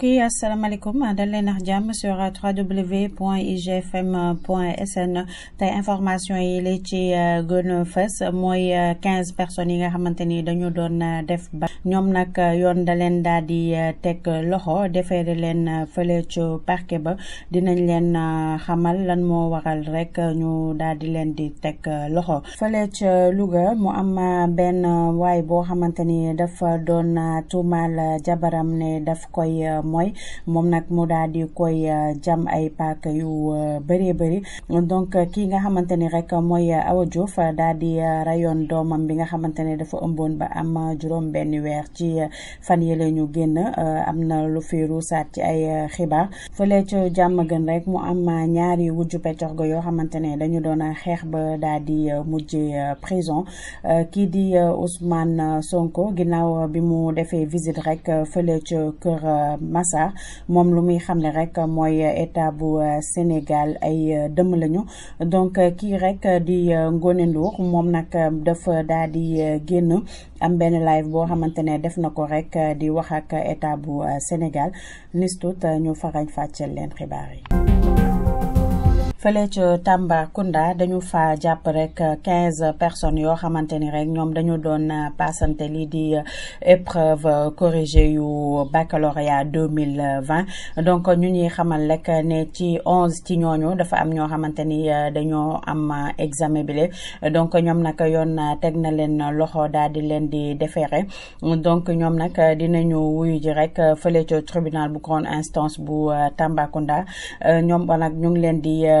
mbokk yi asalaamaaleykum dal leen ak jàmm sur www.igfm.sn tey information yi li ci euh, gën a mooy euh, quinze personnes yi nga xamante ni dañu doon euh, def ba ñoom nag yoon da leen daal di teg loxo defeere leen fële parke ba dinañ leen xamal lan moo waral rek ñu daal di leen di teg loxo fële ci Louga mu am benn waay boo xamante ni dafa doon tuumaal jabaram ne daf koy mooy moom nag mu daal di koy euh, jam ay paak yu euh, bëree bëri donc euh, kii nga xamante ni rek mooy Awa Diouf daal di rayoon doomam bi nga xamante ne dafa ëmboon ba am juróom benn weer ci fan yële ñu génn am na lu fi ruusaat ci ay xibaar fële ca jàmm gën rek mu am ñaari wujj peccox ga yoo xamante ne dañu doon a xeex ba daal di mujj prison kii di ausman Sonko ginnaaw bi mu defee visite rek fële ca kër Massar moom lu muy xam ne rek mooy état bu euh, Sénégal ay euh, dëmm lañu donc euh, kii rek di Ngoné Ndour moom nag dafa daal di génn am benn live boo xamante ne def na ko rek di wax ak état bu Sénégal nis tuut ñu farañ fàcceel leen xibaar yi. fële Tamba Kunda, dañu fa jàpp rek quinze personnes yoo xamante ni rek ñoom dañu doon passante lii di épreuve corrigée yu baccalauréat 2020 donc ñu ñuy xamal rek ne ci onze ci ñooñu dafa am ñoo xamante ni euh, dañoo am examen bi donc ñoom nag yoon teg na leen loxo daal di di déféré donc ñoom nag dinañu wuyu ji rek fele tribunal bu grande instance bu euh, Tambacounda euh, ñoom nag ñu ngi leen di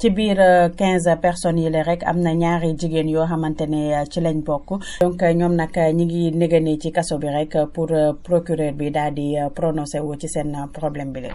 ci biir euh, quinze personnes yi la rek am na ñaari jigéen yoo xamante ne euh, ci lañ bokk donc euh, ñoom nag ñi ngi négane ci kaso bi rek pour procureur bi daal di prononcé wu ci seen problème bi la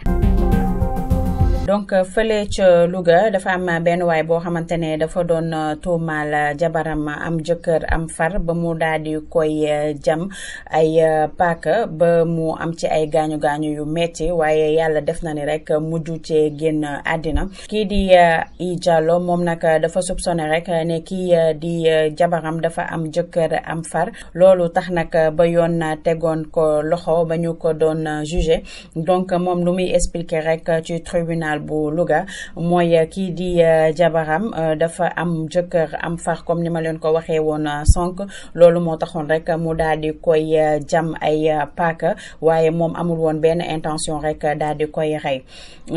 donc fele luga, Louga dafa am ben way bo xamantene dafa don euh, tomal euh, jabaram am jëkkër am far ba mu daal koy euh, jam ay pak, ba mu am ci ay gañu gañu yu metti waye yalla def na ni rek muju gen génn adina kii di i Diallo mom nag dafa soupsoné rek ne kii di jabaram dafa am jëkkër am far lolu tax nak ba yon tegon ko loxo ba ñu ko don juger donc mom lu muy expliquer rek ci tribunal tribunal bu Louga mooy kii di euh, jabaram euh, dafa am jëkkër am far comme ni ma leen ko waxee woon euh, sonk loolu moo taxoon rek mu daal di koy jam ay paaka waaye moom amul woon benn intention rek daal di koy rey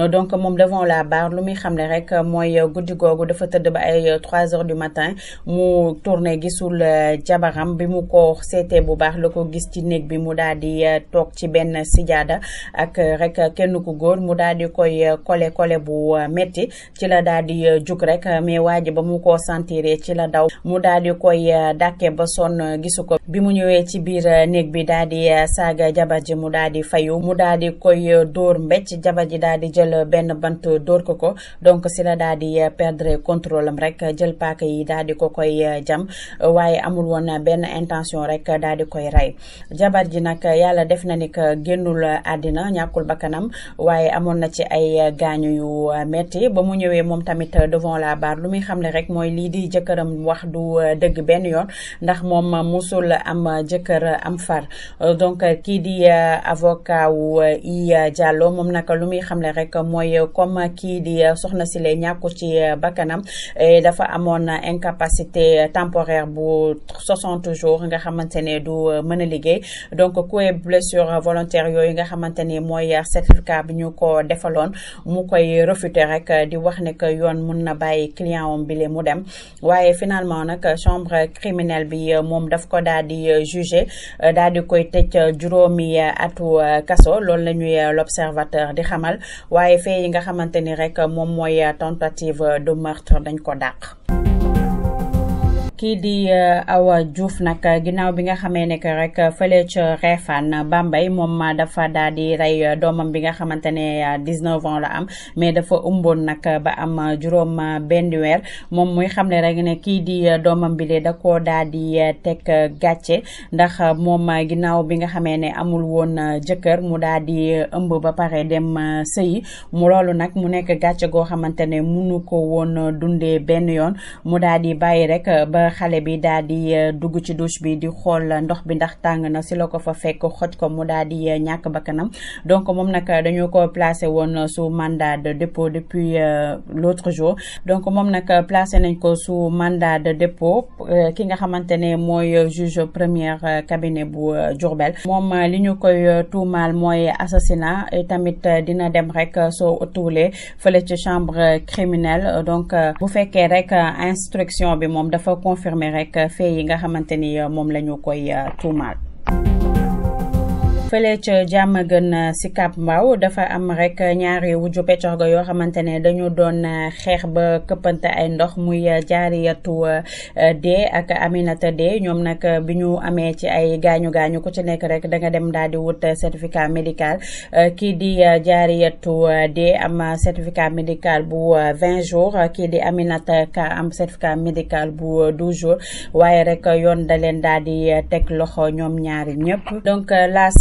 donc moom devant la barre lu muy xam ne rek mooy guddi googu dafa tëdd ba ay trois heures du matin mu tourné gisul jabaram bi mu ko seetee bu baax la ko gis ci néeg bi mu daal di toog ci benn sijaada ak rek kenn ku góor mu daal koy kole kole bu euh, métti ci la daal di euh, jug rek euh, mais waa ji ba mu ko sentiree ci la daw mu daal di koy dàkke ba sonn gisu ko bi mu ñëwee ci biir néeg bi daal di saaga jabar ji mu daal di fayu mu daal di koy dóor mbécc jabar ji daal di jël benn bant dóor ko ko donc si la daal di perdre contrôle am rek jël paaka yi daal di ko koy jam waaye amul woon benn intention rek daal di koy rey jabar ji nag yàlla def na ni que génnul àddina ñàkkul bakkanam waaye amoon na ci ay gaañu yu euh, metti ba mu ñëwee moom tamit euh, devant la barre lu muy xamle rek mooy lii di jëkkëram wax du euh, dëgg benn yoon ndax moom musul am jëkkër am far donc kii di avocat wu i Diallo moom naka lu muy xamle rek mooy comme kii di soxna si lay ñàkku ci bakkanam dafa amoon incapacité temporaire bu 60 jours nga xamante ne du mën a liggéey donc coups blessure volontaire volontaires yooyu nga xamante moy mooy certificat bi ñu ko defaloon mu mu koy refuté rek euh, di wax ne que yoon mun na bàyyi client am bile mu dem waaye finalement nag chambre criminelle bi euh, moom daf ko daal di euh, jugé daal di koy tëj juróomi atu kaso loolu la l'observateur di xamal waaye fee yi nga xamante ni rek moom mooy tentative de meurtre dañ ko dàq. kii di uh, Awa juuf nak uh, ginaaw bi nga xamee nek rek uh, fele ca Refane bambay moom dafa daal di rey doomam bi nga xamante ne 19 ans la am mais dafa umboon nak ba am juróom benn weer moom muy xamle rek ne kii di doomam bi le da koo daal di teg gàcce ndax moom ginaaw bi nga xamee ne amul woon jëkkër mu di ëmb ba pare dem sëyi mu loolu nag mu nekk gàcce goo xamante ne munu ko woon dundee benn yoon mu di bàyyi rek ba xale bi daal di euh, dugg ci douche bi di xool ndox bi ndax tàng na si la ko fa fekk xoj ko mu di euh, ñàkk donc moom nag dañu ko placé woon sous mandat de dépôt depuis euh, l'autre jour donc moom nag placé nañ ko sous mandat de dépôt ki nga xamante ne juge première cabinet bu Diourbel moom li ñu koy tuumaal mooy assassinat et tamit dina dem rek soo tuulee fële ci chambre criminelle donc bu fekkee rek instruction bi moom dafa confirmer rek euh, fee yi nga xamante ni euh, moom la ñu koy euh, tuumaal. fële ca euh, si Sicap Mbao dafa am rek ñaari wujju peccorgo yoo xamante ne dañu doon euh, xeex ba këppante ay ndox muy euh, jaariyatu dee ak Aminata dee ñoom nag bi ñu amee ci ay gaañu gaañu ku ci nekk rek da nga dem daal di wut certificat médical kii di jaariyatu dee am certificat médical bu 20 jours kii di Aminata ka am certificat médical bu 12 jours waaye rek yoon da leen daal di teg loxo ñoom ñaari ñëpp donc laas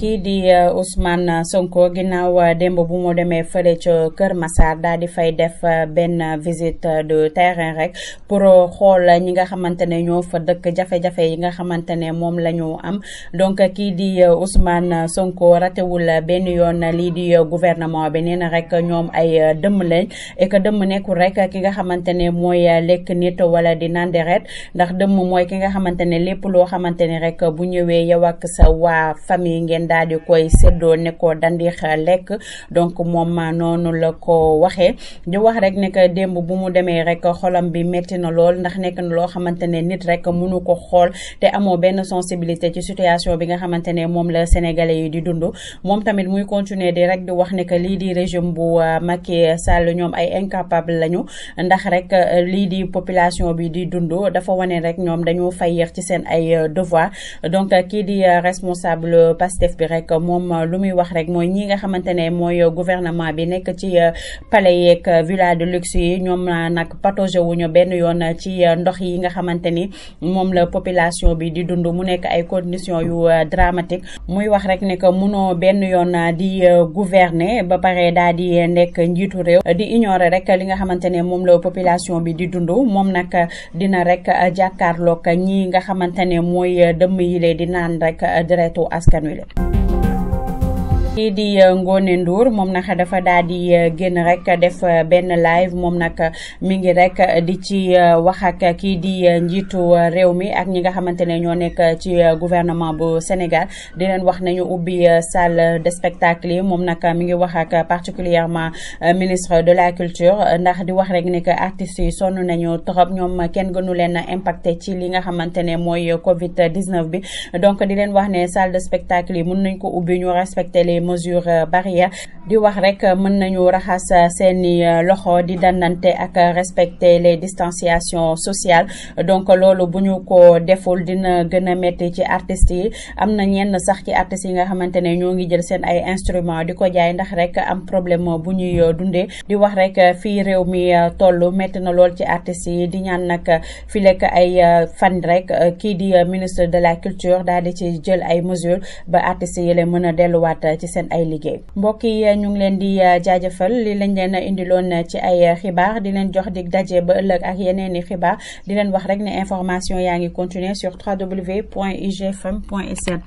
kii di eh, Ousmane Sonko ginnaaw eh, démb bu mu demee fële ca Kër Massar daal di fay def eh, benn visite de terrain rek pour xool ñi nga xamante ne ñoo fa dëkk jafe-jafe yi nga xamante ne moom la ñu am donc kii di Ousmane Sonko ratewul benn yoon lii di gouvernement bi nee na rek ñoom ay dëmm lañ et que dëmm nekkul rek ki nga xamante ne mooy lekk nit wala di naan deret ndax dëmm mooy ki nga xamante ne lépp loo xamante ne rek bu ñëwee yow sa waa famille ngeen daal di koy séddoo ne dandiix lekk donc moom ma noonu la ko waxee ñu wax rek ne que démb bu mu demee rek xolam bi métti na lool ndax nekk na loo xamante ne nit rek mënu ko xool te amoo benn sensibilité ci situation bi nga xamante ne moom la sénégalais yi di dund moom tamit muy continuer di rek di wax ne que lii di régime bu euh, Macky Sall ñoom ay incapable lañu ndax rek euh, lii di population bi di dund dafa wane rek ñoom dañoo fay yéex ci seen ay euh, devoir rek moom euh, lu muy wax rek mooy ñii nga xamante ne mooy euh, gouvernement bi nekk ci euh, palais yeeg villa de luxe yi ñoom nag patauger wuñu benn yoon ci ndox yi nga xamante ni moom la population bi di dund mu nekk ay conditions yu dramatique muy wax rek ne que munoo benn yoon di gouverner ba pare daal di nekk njiitu réew di ignorer rek li nga xamante ne moom la population bi di dund moom nag dina rek jàkkaarloog ñi nga xamante ne mooy dëmm yi lee di naan rek deretu askan wi kii di euh, Ngone Ndour moom nag dafa daal di euh, génn rek def euh, benn live moom nag mi ngi rek di ci wax ak kii di njiitu réew mi ak ñi nga xamante ne ñoo nekk ci gouvernement bu Sénégal di leen wax nañu ubbi salle de spectacle yi moom nag mi ngi wax ak particulièrement ministre de la culture ndax di wax rek ne que artistes sonn nañu trop ñoom kenn gënu leen impacté ci li nga xamante ne mooy Covid 19 bi donc di leen wax ne salle de spectacle yi mun nañ mesures euh, barrières di wax rek euh, mën nañu raxas euh, seeni loxo di dandante ak respecter les distanciations sociales donc loolu bu ñu ko deful dina gën a métti ci artistes yi am na ñenn sax ci artistes yi nga xamante ne ñoo ngi jël seen ay instruments di ko jaay ndax rek am problème bu ñuy dundee di wax rek fii réew mi toll métti na lool ci artistes yi di ñaan nag fi lekk ay fan rek kii di ministre de la culture daal ci jël ay mesures ba artistes yi la mën a seen ay liggéey mbokk yi ñu ngi leen di uh, jaajëfal li lañ leen indi indiloon uh, ci ay uh, xibaar di leen jox dig daje ba ëllëg ak yeneen i xibaar di leen wax rek ne information yaa ngi continuer sur www.igfm.sn